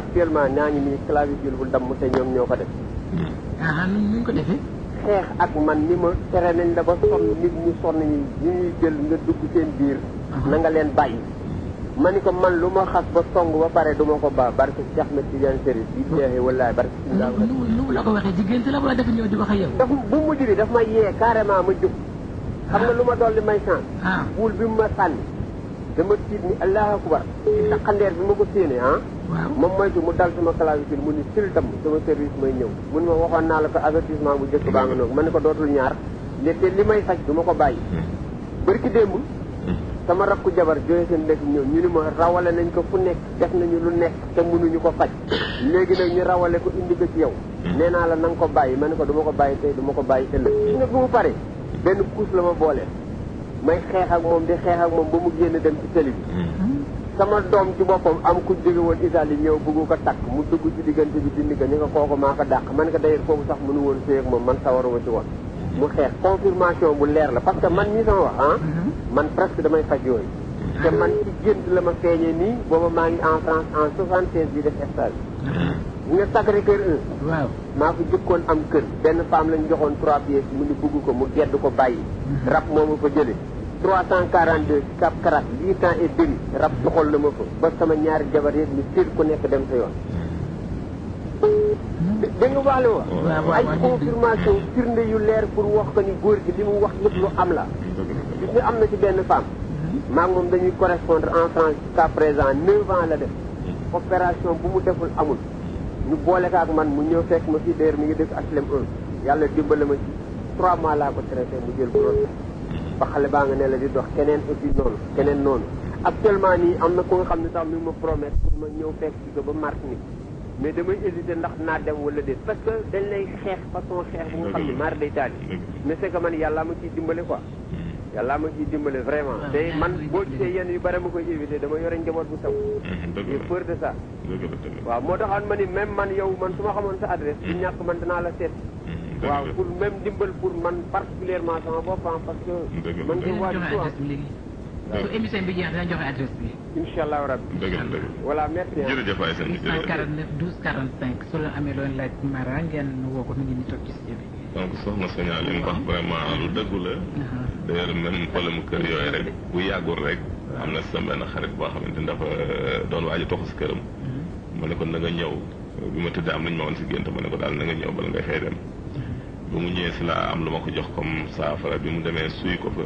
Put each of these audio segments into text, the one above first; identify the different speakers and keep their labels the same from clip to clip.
Speaker 1: actuellement naa ñu nii clavicule bu damm te ñoom ñoo ko def.
Speaker 2: ah
Speaker 3: ni ko defee.
Speaker 1: xeex ak man ni ma tere nañ la ko sonn nit ñi sonn ñu ñuy jël nga dugg seen biir. na nga leen bàyyi. ma ni ko man lu ma xas ba song ba pare du ma ko ba barke Cheikh Ahmed Tidiane Chérif bi jeexee walaay barke si ndaw la. nu la ko waxee diggante la wala dafa ñëw di wax ak yow. daf bu mujj bi daf ma yee carrément ma jóg. xam nga lu ma dolli may chance. Ah. buul bi mu ma sànni. dama tiit ni allahu akbar ci saqandeer bi ma ko séenee ah ma moytu mu dal sama clavier mu ni sil tam sama service may ñëw mun ma waxoon naa la ko avertissement bu njëkk baa nga noonu ma ne ko dootul ñaar te li may faj du ma ko bàyyi hmm. bërki démb hmm. sama rakku jabar jooye seen lekk ñëw ñu ni ma rawale nañ ko fu nekk def nañu lu nekk te mënuñu ko faj léegi nag ñu rawale ko indi ko ci yow hmm. nee naa la na ko bàyyi ma ne ko du ko bàyyi tey du ma ko bàyyi ëllëg nga bu benn couche la ma booleel may xeex ak moom di xeex ak moom ba mu génn dem ci tëli bi sama doom ci boppam am ku jóge woon itali ñëw bëgg ko takk mu dugg ci diggante bi dindi ko ni nga kooku maa ko dàq man nga day kooku sax mënu woon séy ak moom man sawaruma ci woon mu xeex confirmation bu leer la parce que man ñi sama wax ah mhm. man presque damay faj yooyu te mhm. man ci gént la ma feeñee nii booba maa ngi en france en 75 di def stage
Speaker 3: mhm.
Speaker 1: nga sacré cœur un waaw maa fi jëkkoon am kër benn femme lañ joxoon trois pièces mu ni bugg ko mu gedd ko bàyyi rab moomu ko jëlee trois cent quarante deux sab karat huit ans et demi rab soxal na ma ko ba sama ñaari jabar yëpp ñu siir ku nekk dem sa yoon da nga wax la wa ay confirmation firnde yu leer pour wax ko ni góor gi li mu wax lépp lu am la gis nga am na ci benn femme maa moom dañuy correspondre en France jusqu'à présent neuf ans la def opération bu mu deful amul ñu boole ko ak man mu ñëw fekk ma fii d'ailleurs mi ngi dëkk ak 1 yàlla dimbale ma ci trois mois laa ko traité mu jël bron ba xale baa nga ne la di dox keneen aussi noonu keneen noonu actuellement nii am na ko nga xam ne sax mi ma promettre pour ma ñëw fekk ci ko ba martinique mais damay hésiter ndax naa dem wala déet parce que dañ lay xeex façon xeex bu nga xam ne maar day taali mais c' est que man yàllaa ma ciy dimbale quoi yàllaa ma ciy dimbale vraiment te man boo gisee yenn yu bare ma koy éviter dama yore njaboot bu saw j'ai peur de ça waaw moo taxoon ma ni même man yow man su ma xamoon sa adresse du ñàkk man danaa la seet waaw pour même dimbal pour man particulièrement sama bopp parce que
Speaker 4: man di waaj
Speaker 2: su émission bi jeex dina joxe adresse bi
Speaker 1: inshallah rabbi merci
Speaker 2: ay 49 12 45 su la amé loon laaj mara ngeen woko ñu ngi tok ci
Speaker 4: studio bi donc soxna soña lim wax vraiment lu deug la uh-huh. d'ailleurs même problème kër yoy rek bu yagul rek amna sama ben xarit dafa euh, doon uh-huh. ko nga bima tudde am nañ ma won ci gënt mané ko nga dem ba mu ñëwee si laa am lu ma ko jox comme saafara bi mu demee suy ko fa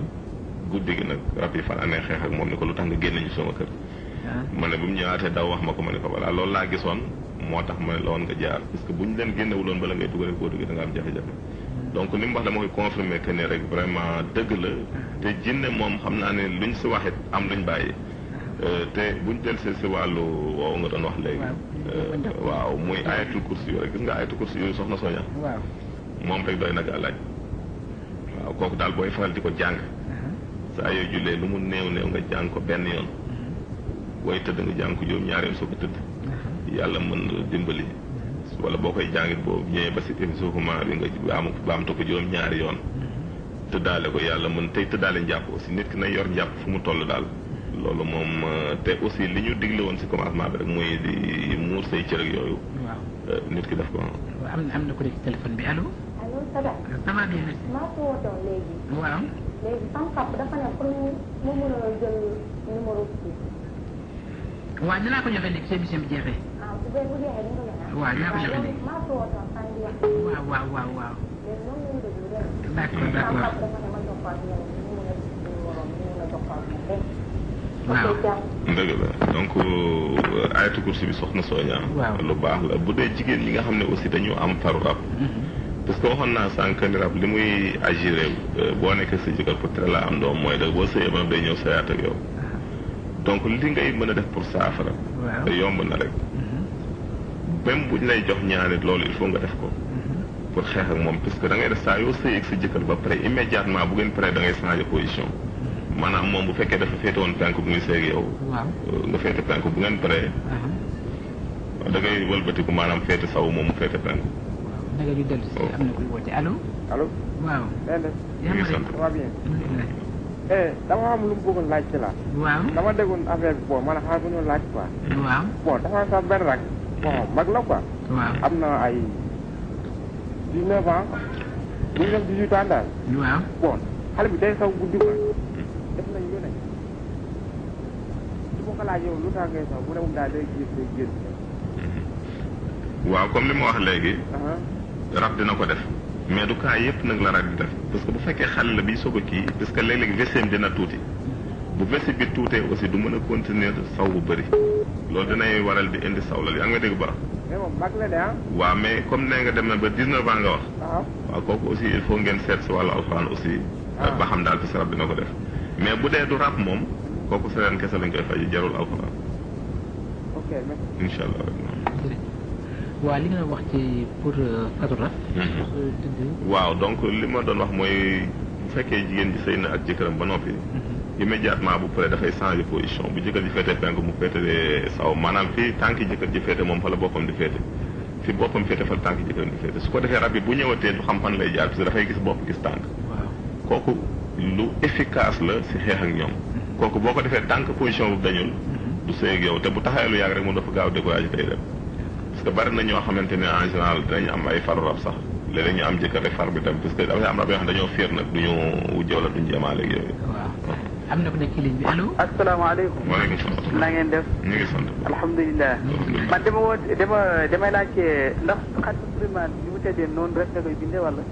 Speaker 4: guddi gi nag rab yi fan anee xeex ak moom ni ko lu tax nga génne ñu sama kër. Ah. ma ne bu mu ñëwaatee daw wax ma ko ma ne ko balaa loolu laa gisoon moo tax ma ne la woon nga jaar parce que bu ñu leen génnewuloon bala ngay dugalee boo duggee da nga am jafe-jafe. donc ni mu wax dama koy confirmer que ne rek vraiment dëgg la te jinne moom xam naa ne luñ si waxit am luñ bàyyi. Euh, te buñ del see si wàllu nga doon wax léegi. waaw euh, muy ayatul kursi yooyu gis nga ayatul kursi yooyu soxna Sonia. moom rek doy nag gaa waaw kooku daal booy faral di ko jàng saa yooyu jullee lu mu néew neew nga jàng ko benn yoon booy tëdd nga jàng ko juróom ñaari
Speaker 3: yoon
Speaker 4: mën dimbali wala boo koy jàngit boo ñëwee ba si suufuma bi nga baam baamtu ko juróom ñaari yoon tëddaale ko yàlla mën tey tëddaale njàpp aussi nit ki na yor njàpp fu mu toll daal loolu moom te aussi li ñu digle woon si commencement bi rek muy di muur say cër yooyu nit ki daf ko
Speaker 2: am na ko def téléphone bi allo
Speaker 5: Sadam. damaa génn si. sama Wow, wow, wow, wow. mu mu
Speaker 4: Wow. a ah di wax. waaw waaw la ñu déglu rek. d' bi soxna lu baax la bu nga parce que waxoon naa sànq ni rab li muy agiré euh, boo nekkee si jëkkër pour tere laa am doom mooy da boo sëyee ba day ñëw sëyaat ak yow donc li ngay mën a def pour saafara te yomb na rek mm-hmm. même bu ñu lay jox ñaanit loolu il faut nga def ko
Speaker 3: mm-hmm.
Speaker 4: pour xeex moom parce que da ngay def saa yoo sëyeeg sa jëkkër ba pare immédiatement bu ngeen pare da changer position mm-hmm. maanaam moom bu fekkee dafa féete woon penk bu ngi sëyeeg yow euh, nga féete penk bu ngeen pare
Speaker 3: uh-huh.
Speaker 4: da ngay maanaam saw moom mu féete penk
Speaker 2: naka ñu dellu si am na kuy woote allo. allo waaw. yaa ngi sant ça va bien. Eh, dama am
Speaker 1: lu mu bëggoon laaj ci la. dama déggoon bon man xaaral ñu laaj quoi. bon dafa am sax benn rak. bon mag la quoi. waaw am na ay dix-neuf ans. bu ñu def dix-huit ans daal. waaw bon xale bi day saw guddi quoi. def nañ lu ne. su laaj lu tax ngay saw
Speaker 4: li rab dina ko def mais du cas yëpp nag la rab di def parce que bu fekkee xale la biy soog a kii parce que léeg-léeg vesseem dina tuuti bu vesse bi tuutee aussi du mën a continuer saw bu bëri loolu dinay waral di indi saw la yaa nga dégg baax.
Speaker 1: mais moom ah.
Speaker 4: waaw mais comme nee nga dem na ba 19 ans nga wax. waaw kooku aussi il faut ngeen seet si wàllu alxuraan aussi. Ah. ba xam daal parce que rab dina ko def mais bu dee du rab moom kooku sereen kese lañ koy fay jarul alxuraan. ok incha
Speaker 2: waaw li nga wax ci pour euh, Fatou mm-hmm. euh,
Speaker 4: waaw donc li ma doon wax mooy bu fekkee jigéen ji sëy na ak jëkkëram ba noppi. Mm-hmm. immédiatement bu paree dafay changer position bu jëkkër ji féete penk mu féete saw maanaam fii tànki jëkkër ji féete moom fa la boppam di féete. fi boppam féete fa la tànki jëkkëram di féete su ko defee rab bi bu ñëwatee du xam fan lay jaar parce que dafay gis bopp gis tànk. kooku lu efficace la si xeex ak ñoom. Mm-hmm. kooku boo ko defee tànk position bu dañul. du sëy yow te bu taxawee lu yàgg rek mu dafa gaaw découragé que bari na ñoo xamante ne en am ay faru rab sax léeg-léeg ñu am jëkkër far bi tam parce am rab yoo xam dañoo fiir nag du ñu wujjoo la duñ jëmaa
Speaker 6: am na ku nekk ci ligne bi allo. asalaamaaleykum.
Speaker 4: waaleykum salaam. na ngeen def. ñu ngi sant.
Speaker 6: alhamdulilah. man dama woon dama damay laajte ndax xatim Souleymane bi mu tëddee noonu rek nga koy bindee wala.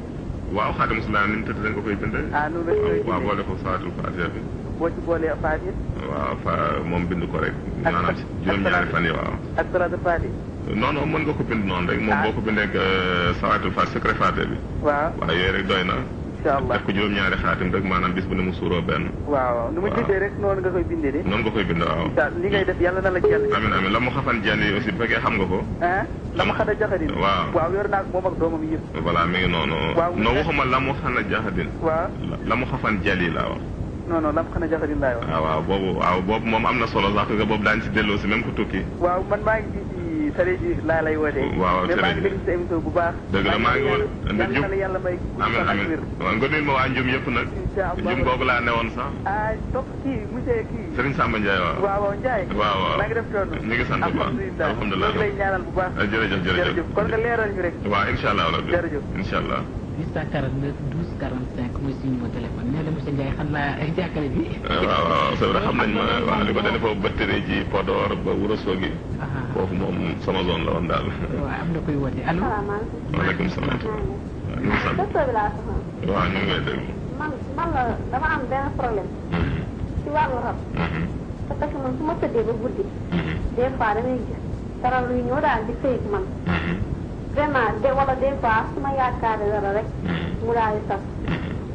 Speaker 4: waaw xatim Souleymane ni mu tëddee koy bindee. ah waaw boole ko Salatul Fatiha bi.
Speaker 6: boo ci boolee Fatiha.
Speaker 4: waaw fa moom bind ko rek. ak ak maanaam juróom-ñaari
Speaker 6: fan yi
Speaker 4: non non mën nga ko bind noonu rek. moom ah. boo ko bindee ak euh, salaatul faat secret faate bi. waaw waaw yooyu rek doy na. incha allah ko juróom-ñaari xaatim rek maanaam bis bu ne mu suuroo benn.
Speaker 6: waaw nu ma gisee rek noonu nga koy de. noonu nga koy na la jël.
Speaker 4: amiin amiin la mu xam nga ko.
Speaker 6: Ah? la mu xana jaxadin. waaw waaw yor naa ko moom ak doomam yëpp.
Speaker 4: voilà mi ngi noonu. waaw non waxuma la la mu xafan jënd yi laa wax.
Speaker 6: non non lam xana jaxadin laay
Speaker 4: ah, boobu waaw moom am na solo sax nga boobu daañu si delloo si même ko tukki.
Speaker 6: waaw man maa ngi sori ji laa lay wootee. waaw mais maa ngi déglu sa émission bu baax. dëgg la maa ngi woon nga jub yàlla may. amiin amiin
Speaker 4: waaw nga nuyu ma waa Ndioum yëpp nag.
Speaker 6: incha allah Ndioum googu laa newoon sax. ah topp kii monsieur kii.
Speaker 4: Serigne Samba Ndiaye waaw. waaw
Speaker 6: waaw Ndiaye. waaw waaw maa ngi def toolu. ñu ngi
Speaker 4: sant bu baax alhamdulilah ñu ngi lay ñaanal bu baax. Ah, jërëjëf jërëjëf
Speaker 6: kon nga leeral ñu rek.
Speaker 4: waaw incha allah rabbi jërëjëf incha allah.
Speaker 2: 849 45 muy suñu ma téléphone nee na monsieur Ndiaye xam naa jàkkale bi. Euh, waaw waaw c'est vrai xam nañ ma waaw
Speaker 4: li ko dalee foofu ba tëre ji Podor ba Ourossogui. Ah, ah, ah. foofu moom sama zone la woon daal.
Speaker 2: waaw am na kuy woote allo.
Speaker 4: maaleykum salaam. maaleykum salaam.
Speaker 5: docteur bi laa soxla.
Speaker 4: waaw ñu ngi lay déglu.
Speaker 5: man man la dama am benn problème. Mm-hmm. ci wàllu rab. Mm-hmm. parce que man su ma tëddee ba guddi. Mm-hmm. des fois damay gis dara luy ñëw daal di sëy man. vraiment de wala des fois su ma yaakaaree dara rek mu daal di tas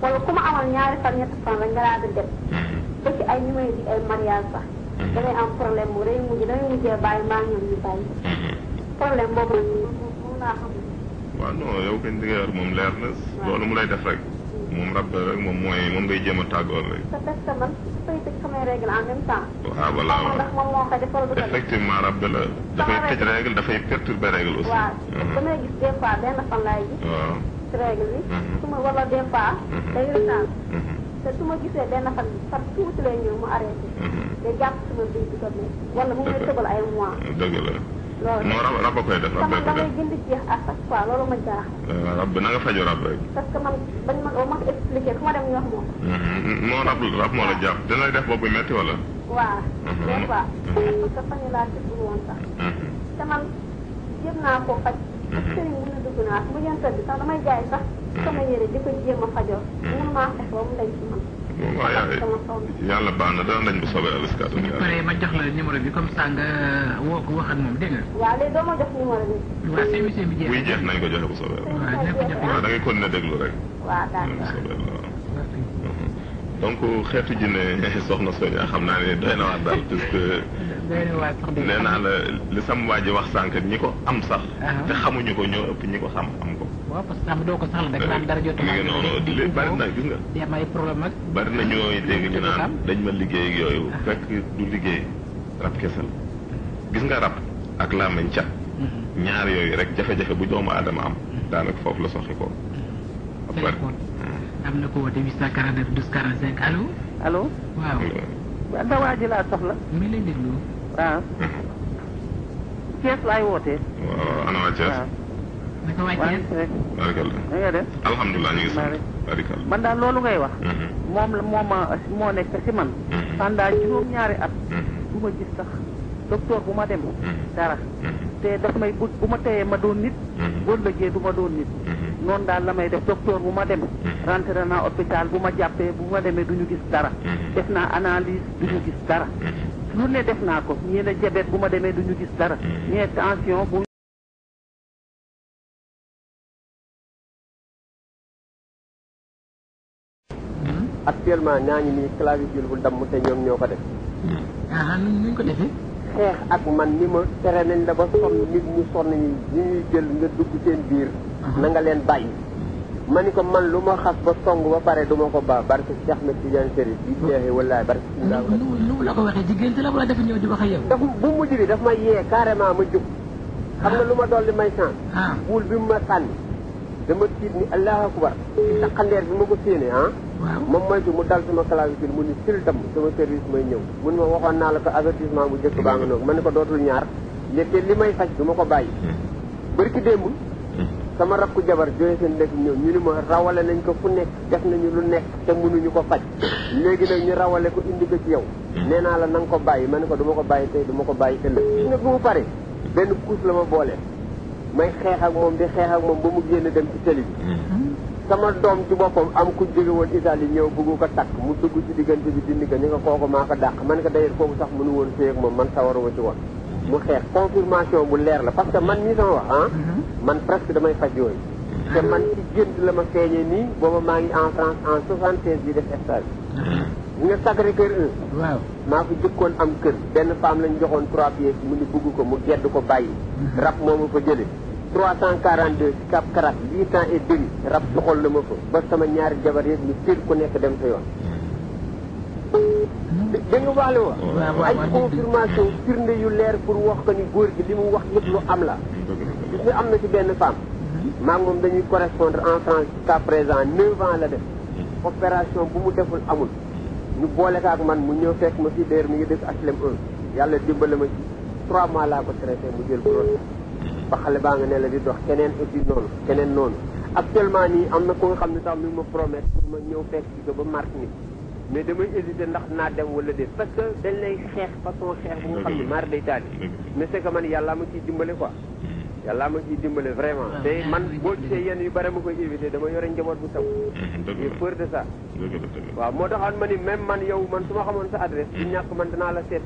Speaker 5: wala ku ma amal ñaari fan ñetti fan rek nga daal di dem ba ci ay ñu may di ay mariage sax damay am problème bu rëy mujj damay mujjee bàyyi maa ngi ñu bàyyi problème boobu nag mun naa xam
Speaker 4: waaw non yow kañ di nga yor moom leer na loolu mu lay def rek moom rab la rek moom mooy moom ngay jéem a tàggoor rek.
Speaker 5: parce que man dafay tëj samay règle en même temps.
Speaker 4: waaw voilà waaw ndax
Speaker 5: moom moo koy defal lu effectivement
Speaker 4: rab la dafay tëj règle dafay perturber règle aussi.
Speaker 5: waaw ma wala des fois. day retaan. te su ma gisee benn fan fan tuuti lay ñëw mu arrêté. day jàpp sama biir di ko wala mu ngi tëbal ay mois.
Speaker 4: dëgg non rab rab a koy def rab koy def
Speaker 5: gën di jeex à chaque fois loolu ma jaax
Speaker 4: euh, rab bi na nga faju rab rek
Speaker 5: parce que man bañ ma ma ko expliqué fu ma dem ñu wax moom
Speaker 4: mm-hmm. non rab rab moo la jàpp dina lay def boobu métti wala
Speaker 5: waaw mm-hmm. des fois mm-hmm. parce que fan yi laa tëdd woon sax te man jéem naa koo faj sëriñ mun na dugg naa mu jëntëdd sax damay jaay sax sama yére di ko jéem a fajoo mun maa fexe ba mu dañ ci man
Speaker 4: waaye yàlla baax na daan nañ bu soobee Abdou Kader. bu ñu ma jox la numéro bi comme ça nga
Speaker 2: woo ko wax ak moom dégg nga.
Speaker 5: waaw léegi
Speaker 2: doo bi. jeex
Speaker 4: na buy nañ ko joxe bu soobee.
Speaker 2: waaw dina ko joxe waaw
Speaker 4: da rek. waaw d'accord xeetu jinne soxna Sonia xam naa ne doy na waar daal puisque nee naa la li sam waa ji wax sànq ñi ko am sax. Ah. te xamuñu ko ñoo ëpp ñi ko xam am
Speaker 2: waaw parce que tam doo ko sax la nag naan dara jot ma noonu
Speaker 4: di leen bari na gis nga
Speaker 2: di am ay problème ak bari na ñooy dégg ñu naan
Speaker 4: dañ ma liggéey ak yooyu ah. fekk du liggéey rab kese gis nga rab ak làmmañ cat
Speaker 3: mm-hmm.
Speaker 4: ñaar yooyu rek jafe-jafe bu doomu aadama am mm-hmm. daanaka foofu la mm-hmm.
Speaker 2: mm. am na ko wote 849 12 45 allo allo waaw da soxla mi lay déglu waaw ah. laay wootee
Speaker 4: waaw ana waa
Speaker 2: na nga def
Speaker 4: alhamdulilah ngi sant
Speaker 2: man daal loolu ngay wax mhm. moom la moom moo nekk si man mhm. pendant juróom-ñaari at mhm. du ma gis sax docteur bu ma dem dara te daf may but bu ma teyee ma doon nit boo lëggee du doon nit noonu daal la may def docteur bu ma dem rentré naa hôpital bu ma jàppee bu ma demee duñu gis dara def naa
Speaker 3: analyse du ñu gis dara lu ne def naa ko ñii ne jabet bu ma demee du gis dara ñee tension bu actuellement ñaa ngi nii clavicule bu damm
Speaker 1: te ñoom ñoo ko def.
Speaker 3: ah, ah ko defee.
Speaker 1: xeex ak man ni ma tere nañ la ba sonn nit ñu sonn ñi ñu ñuy jël nga dugg seen biir. Uh-huh. na nga leen bàyyi. ma ni ko man lu ma xas ba song ba pare du ko ba bari Cheikh na Tidiane Chérif bi jeexee walaay barke Sinda. nu
Speaker 2: nu la ko waxee diggante la wala dafa ñëw di wax ak yow.
Speaker 1: daf bu mujj bi daf ma yee carrément ma jóg. xam nga lu ma dolli may chance. buul ah. bi mu ma sànni. dama tiit ni allahu akbar. sa mm. bi ma ko séenee ah. waaw moom moytu mu dal sama clavier mu ni sil tam sama service may ñëw mun ma waxoon naa la ko avertissement bu njëkk baa nga noonu ma ne ko dootul ñaar léegi li may faj du ma ko bàyyi hmm. bari ki démb hmm. sama rakku jabar jooye seen nekk ñëw ñu ni ma rawale nañ ko fu nekk def nañu lu nekk te mënuñu ko faj léegi nag ñu rawale ko indi ko ci yow hmm. nee naa la na ko bàyyi ma ne ko du ko bàyyi tey du ma ko bàyyi ëllëg nag bu mu pare benn kuus la ma boolee may ak moom di moom ba mu génn dem ci télé sama Dom ci bopam am ku jëgë won itali ñew bëggu ko tak mu dugg ci digënté bi dindi ko ñinga ko kooku maa man ko dayer koku sax mënu won sëy mom man man wa ci won mu xex confirmation bu leer la parce que man mii sama wax ah mhm. man presque damay faj yooyu té man ci gënd la ma feeñee ni boba ma ngi en france en 76 di def stage ñu mhm. sacré cœur un waaw ma fi jikkon am kër ben femme lañ joxon 3 pièces mu ni bugg ko mu gëdd ko bayyi mhm. rap momu ko jëlé trois cent quarante deux si Cap Karat huit ans et demi rab soxal na ma fa ba sama ñaari jabar yëpp ñu tiir ku nekk dem sa yoon da nga wax la wa ay confirmation firnde yu leer pour wax ko ni góor gi li mu wax yëpp lu am la gis nga am na ci benn femme maa ngi moom dañuy correspondre en France jusqu'à présent neuf ans la def opération bu mu deful amul ñu boole ak man mu ñëw fekk ma fi d'ailleurs mi ngi def HLM 1 yàlla dimbale ma ci trois mois laa ko traité mu jël bu ba xale baa nga ne la di dox keneen aussi noonu keneen noonu actuellement nii am na koo xam ne sax mi ma promet ma ñëw fekk ci ba marque ni mais damay hésité ndax naa dem wala déet parce que dañ lay xeex façon xeex bu nga xam ne maar day taal mais c'est que man yàllaa ma ciy dimbale quoi mm-hmm. yàllaa ma ciy dimbale vraiment ah, te man boo gisee yenn yu bare ma koy éviter dama yore njaboot bu taw mm-hmm, j'ai peur de ça waaw moo taxoon ma ni même man yow man su ma xamoon sa adresse du man danaa la seet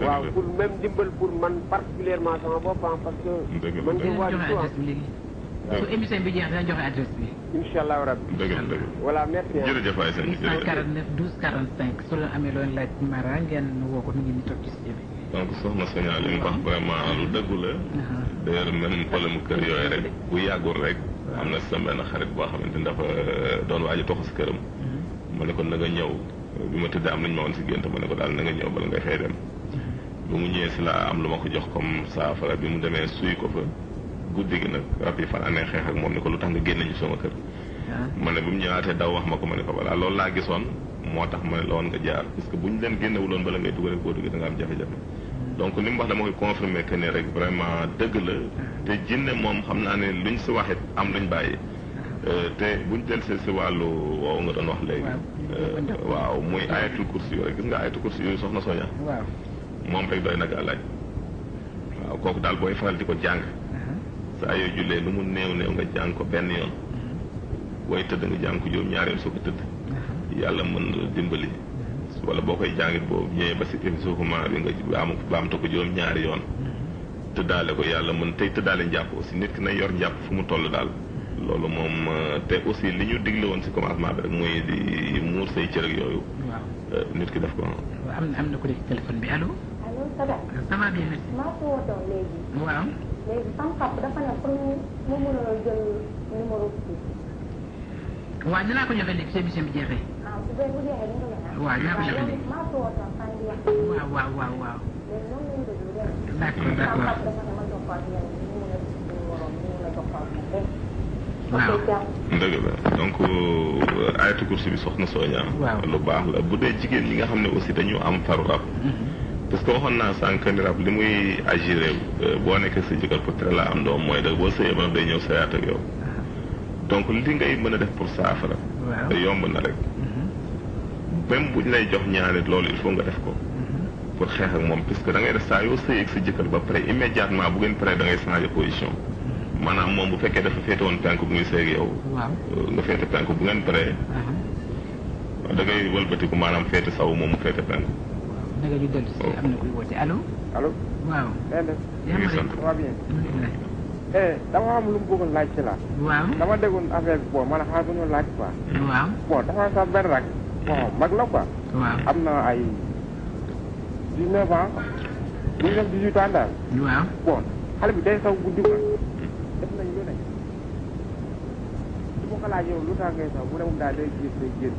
Speaker 1: waaw pour même dimbal pour man particulièrement sama boppam parce que. man de waa ji su
Speaker 2: émission bi jeex dina joxe adresse bi. incha
Speaker 4: allah rabbi. dëgg la dëgg la
Speaker 2: voilà merci. jërëjëf Aïssa jërëjëf 849 12 45 su la amee looy laaj Mara ngeen woo ko mi ngi ni toog ci studio bi.
Speaker 4: donc wax vraiment lu dëggu la. Uh-huh. d'ailleurs même problème kër yooyu rek bu yàggul rek. am na sama benn xarit boo xam xamante ni dafa euh, doon waaj a toxu si këram. Uh-huh. ma ne ko na nga ñëw bi ma tëddee am nañ ma woon si gént ma ne ko daal na nga ba mu ñëwee si laa am lu ma ko jox comme saafara bi mu demee suy ko fa guddi gi nag rab yi fan amee xeex ak moom ni ko lu tax nga génn ñu sama kër. Ah. ma ne bu mu ñëwaatee daw wax ma ko ma ne ko balaa loolu laa gisoon moo tax ma ne la woon nga jaar parce que bu ñu leen génnewuloon bala ngay dugg rek boo duggee da nga am jafe-jafe. Hmm. donc li mu wax dama koy confirmer que ne rek vraiment dëgg la. Ah. te jinne moom xam naa ne luñ si waxit am luñ bàyyi. Ah. Euh, te buñ dellusee si wàllu nga doon wax léegi. waaw euh, muy ayatul kursi yooyu rek gis nga ayatul kursi yooyu soxna Sonia. waaw. moom rek doy na gàllaaj waaw kooku daal booy faral di ko jàng uh-huh. saa yoo jullee lu mu néew néew nga jàng ko benn yoon wooy uh-huh. tëdd nga jàng ko juróom ñaareel soo uh-huh. dimbali wala boo koy jàngit boobu ñëwee ba si suufument bi nga baam baamta ko juróom ñaari yoon tëddaale ko yàlla mën tey tëddaale njàpp aussi nit ki na yor njàpp fu mu toll daal loolu moom uh, te aussi li ñu digle woon si commencement bi rek muy di muur say cër ak yooyu uh, nit ki def ko
Speaker 2: am na ko léegi téléphone bi allo
Speaker 5: ça waaw. Euh, bi. waaw dinaa waaw bu waaw dinaa ko joxe ko wootoon fan di wax. waaw waaw waaw waaw. léegi a gis
Speaker 4: numéro a jokkoo ak yéen. waaw dëgg dee jigéen ñi nga xam ne aussi dañu am faru rab. Mm-hmm. parce que waxoon naa sànq ni rab li muy agiré euh, boo nekkee si jëkkër pour tere la am doom mooy da boo sëyee ba day ñëw sëyaat ak yow donc li ngay mën a def pour saafara te yomb na rek
Speaker 3: mm-hmm.
Speaker 4: même bu ñu lay jox ñaanit loolu il faut nga def ko
Speaker 3: mm-hmm.
Speaker 4: pour xeex ak moom puisque da ngay def saa yoo sëyeeg sa jëkkër ba pare immédiatement bu ngeen paree dangay ngay changer position mm-hmm. maanaam moom bu fekkee dafa féete woon penk bu muy sëyeeg yow euh, nga féete penk bu ngeen paree da maanaam saw moom mu féete penk
Speaker 2: danga ñu dellu si am na kuy woote allo. allo waaw. yaa ngi sant waaw
Speaker 1: bien. Eh, dama am lu laaj la. dama déggoon affaire bon man xaaral bu ñu laaj quoi. waaw bon dafa sax benn rak. bon la quoi. waaw am na ay dix neuf ans. bu ñu def dix huit ans daal. waaw bon xale bi day saw guddi quoi. def nañ lu ne. su ma ko laaj yow lu tax ngay saw mu ne moom daal day gis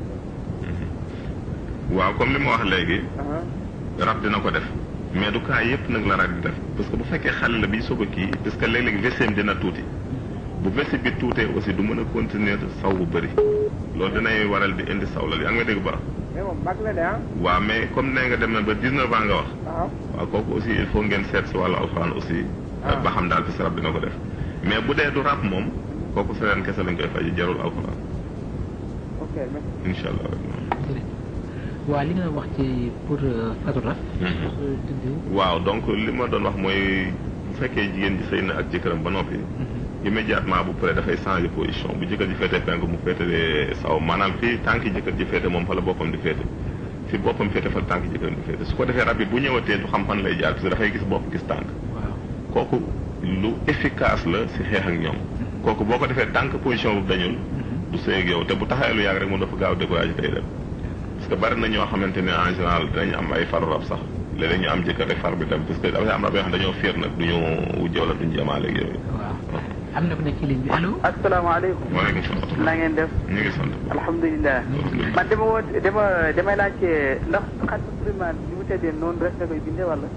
Speaker 4: waaw comme li rab dina ko def mais du cas yëpp nag la rab di def parce que bu fekkee xale la bi soog a kii parce que léeg-léeg vesseem dina tuuti bu vessi bi tuutee aussi du mën a continuer saw bu bëri loolu dinay waral di indi saw la li nga dégg bara waaw mais comme nee nga dem na ba 19 ans nga wax waaw kooku aussi il faut ngeen seet si wàllu alxuraan aussi ba xam daal bis rab dina ko def mais bu dee du rab moom kooku sereen kese lañ koy faj jarul alxuraan incha allah
Speaker 2: waaw li nga wax ci pour photographe. Euh, mhm. euh,
Speaker 4: waaw donc li ma doon wax mooy bu fekkee jigéen ji sëy na ak jëkkëram ba noppi. Mhm. immédiatement bu paree dafay changer position bu jëkkër ji féete penk mu féetee saw maanaam fii tànki jëkkër ji féete moom fa la boppam di féete fi boppam féete fa tànk jëkkëram di féete su ko defee rab bi bu ñëwatee du xam fan lay jaar parce que dafay gis bopp gis tànk. kooku lu efficace la si xeex ak ñoom. Mhm. kooku boo ko defee tànk position bu dañul. du sëy ak yow te bu taxawee lu yàgg rek mu dafa gaaw découragé day parce que bari na ñoo xamante ne en général dañu am ay faru rab sax léeg-léeg ñu am jëkkër rek far bi tam parce que dafay am rab yoo xam ne dañoo féer nag duñu wujje wala duñu jamaale ak yooyu. waaw
Speaker 6: am na ku ne ci ligne bi allo. asalaamaaleykum.
Speaker 4: waaleykum salaam. na ngeen def. ñu ngi sant.
Speaker 6: alhamdulilah. man dama woo dama damay laajte ndax xaatimu suleymaan ni mu tëddee noonu rek la koy bindee wala.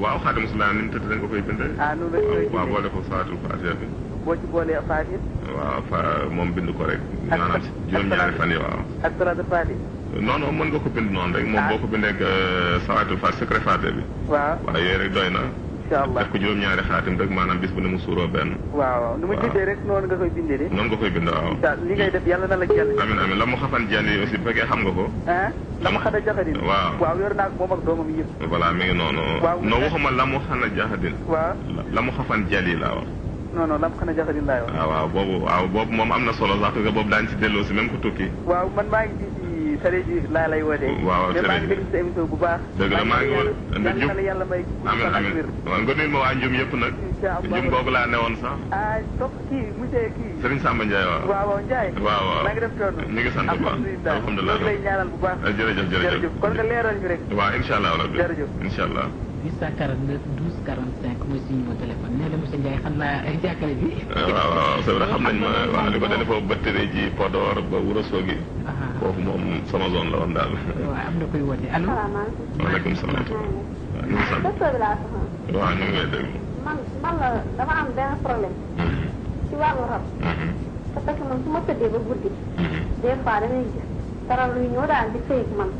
Speaker 4: waaw xaatimu suleymaan ni mu tëddee nga koy bindee. ah noonu la koy bindee waaw boole ko salaatul faatiha bi.
Speaker 6: boo ci boolee faatiha.
Speaker 4: waaw fa moom bind ko rek. ak ak maanaam juróom-ñaari fan yi waaw.
Speaker 6: ak salaatul faatiha.
Speaker 4: non non mën nga ko bind noonu rek. moom ah. boo ko bindee euh, salaatul faat secret faate bi. waaw waaw yooyu na. incha allah def ko juróom rek maanaam bis bu ne mu suuroo benn.
Speaker 6: waaw waaw nu mu bindee rek noonu nga la jël.
Speaker 4: amiin amiin xam nga ko.
Speaker 6: Ah? la mu xana jaxadin. waaw waaw yor naa ko moom ak doomam yëpp.
Speaker 4: voilà mi ngi la mu xana jaxadin. waaw la mu xafan jënd yi laa wax. non non lam xana ah, boobu waaw boobu moom am na solo sax parce boobu daañu ci delloo si même ko tukki.
Speaker 6: waaw man maa ngi yu ji laa lay wootee. Oh, waaw sëriñ maa ngi déglu sa émission la
Speaker 4: ngi
Speaker 6: waa Ndioum yëpp nag. Ndioum boobu laa newoon sax. ah topp kii monsieur kii.
Speaker 4: Serigne Samba Ndiaye waaw. waaw waaw
Speaker 6: Ndiaye. waaw waaw maa ngi def coono.
Speaker 4: ñu ngi sant bu baax alhamdulilah lay ñaanal
Speaker 6: bu kon nga leeral ñu rek.
Speaker 4: waaw incha allah rabbi jërëjëf incha allah.
Speaker 2: 849 12 45 mooy suñu numéro téléphone nee na monsieur Ndiaye xam naa jàkkale bi.
Speaker 4: waaw waaw c'est vrai xam nañ ji Podor kooku moom sama zone la woon daal. waaw
Speaker 2: am na koy woote allo.
Speaker 5: salaamaaleykum
Speaker 4: maaleykum salaam. waaw ñu ngi
Speaker 5: sant.
Speaker 4: waaw ñu ngi lay dégg.
Speaker 5: man man la dama am benn problème. Mm-hmm. ci wàllu rab. Mm-hmm. parce que man su ma tëddee ba guddi. Mm-hmm. des fois damay gis dara luy ñëw daal di fay man.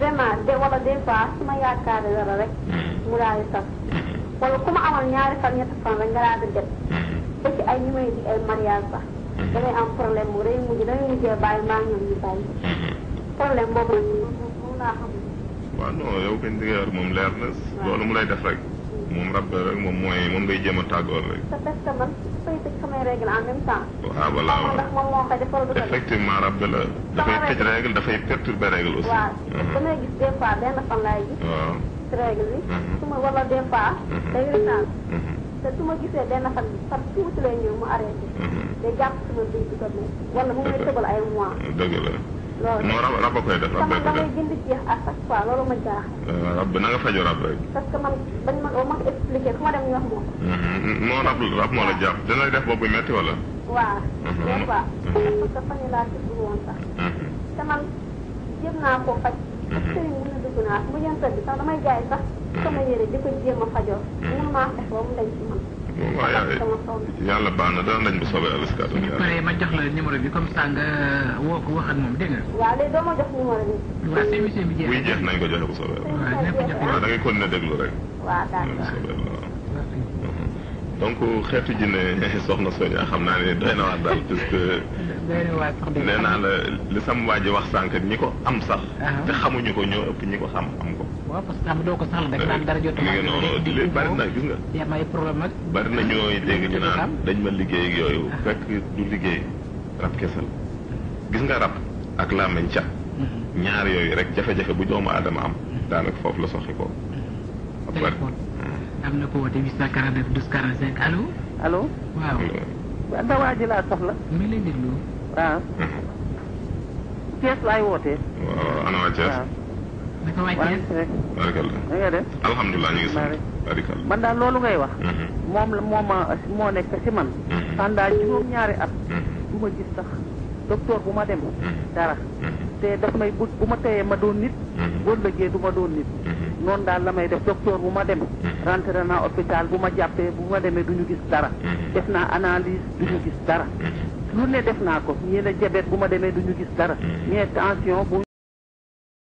Speaker 5: vraiment de wala des fois su ma yaakaaree dara rek. mu daal di sax. wala ku ma amal ñaari fan ñetti fan rek nga daal di dem. ba ci ay ñu may di ay mariage sax. Mhm. da ngay am problème bu rëy mujj da ngay mujjee bàyyi maa ngi ñu bàyyi. Mhm. problème boobu moom laa xam.
Speaker 4: waaw non yow kañ li nga wax moom leer na. loolu mu lay def rek. moom rab rek moom mooy moom ngay jéem a tàggoor rek.
Speaker 5: te parce que man dafay tëj samay règle en même temps.
Speaker 4: waaw voilà waaw ndax
Speaker 5: moom moo koy defal du
Speaker 4: effectivement rab la. dafay tëj règle dafay perturber règle aussi. waaw
Speaker 5: mhm. damay gis des fois benn fan laay gis. waaw règle bi. su ma wala des fois. day retaan. te su ma gisee benn fan fan tuuti lay ñëw mu arrêté. Mhm. te jàpp sama biir bi tamit wala mu ngi tëbal ay mois. Ah,
Speaker 4: dëgg la. loolu rab rab koy def rab koy def sama jënd jeex à euh, rab bi na nga rab rek.
Speaker 5: parce que man bañ ma ma ko expliqué fu ma dem ñu wax
Speaker 4: mhm, moom. rab rab moo la jàpp dina def boobu metti wala. waaw. Mhm. des fois.
Speaker 5: parce que fan yi laa ci woon sax. te man jéem naa koo faj. ak sëriñ bu ne dugg naa bu ñeent bi sax damay jaay sax. sama mm. yére di ko jéem a fajoo. Mm. mun maa fex ba mu
Speaker 4: yàlla baax na dana dañ bu soobee Yàlla si kàttan. yàlla pare ma jox la numéro bi comme ça nga euh, woo bi. nañ ko joxe bu soobee Yàlla. waaw
Speaker 3: lépp joxe waaw ah, da
Speaker 4: rek. waaw mm-hmm. xeetu jinne soxna Sonia xam naa ne doy na waar daal puisque nee naa la li sam waa ji wax sànq ñi ko am sax. Ah. te xamuñu ko ñoo ëpp ñi ko xam
Speaker 2: waaw parce que am doo ko saxal rek naan dara jotuma ngi
Speaker 4: di leen bari na gis nga
Speaker 2: yaa may problème
Speaker 3: ak
Speaker 4: bari na ñooy dégg ñu naan dañ ma liggéey ak fekk du liggéey gis nga ak ca ñaar rek jafe-jafe bu doomu aadama am daanaka foofu la soxi ko
Speaker 2: am na ko wote 849 12
Speaker 4: 45 allo waaw
Speaker 2: dawaa ji laa soxla mi lay déglu waaw Thiès laay wootee
Speaker 4: waaw ana barikalla
Speaker 2: man daal loolu ngay wax mhm. moom la moom moo nekk si man mhm. pendant juróom-ñaari at mhm. du ma gis sax docteur bu ma dem dara te daf may but bu ma teyee ma doon nit boo lëggee du ma doon nit noonu daal la may def docteur bu ma dem rentré naa hôpital bu ma jàppee bu ma demee duñu gis dara def naa analyse du gis dara lu ne def naa ko ñii ne jabet bu ma demee du gis dara ñee tension bu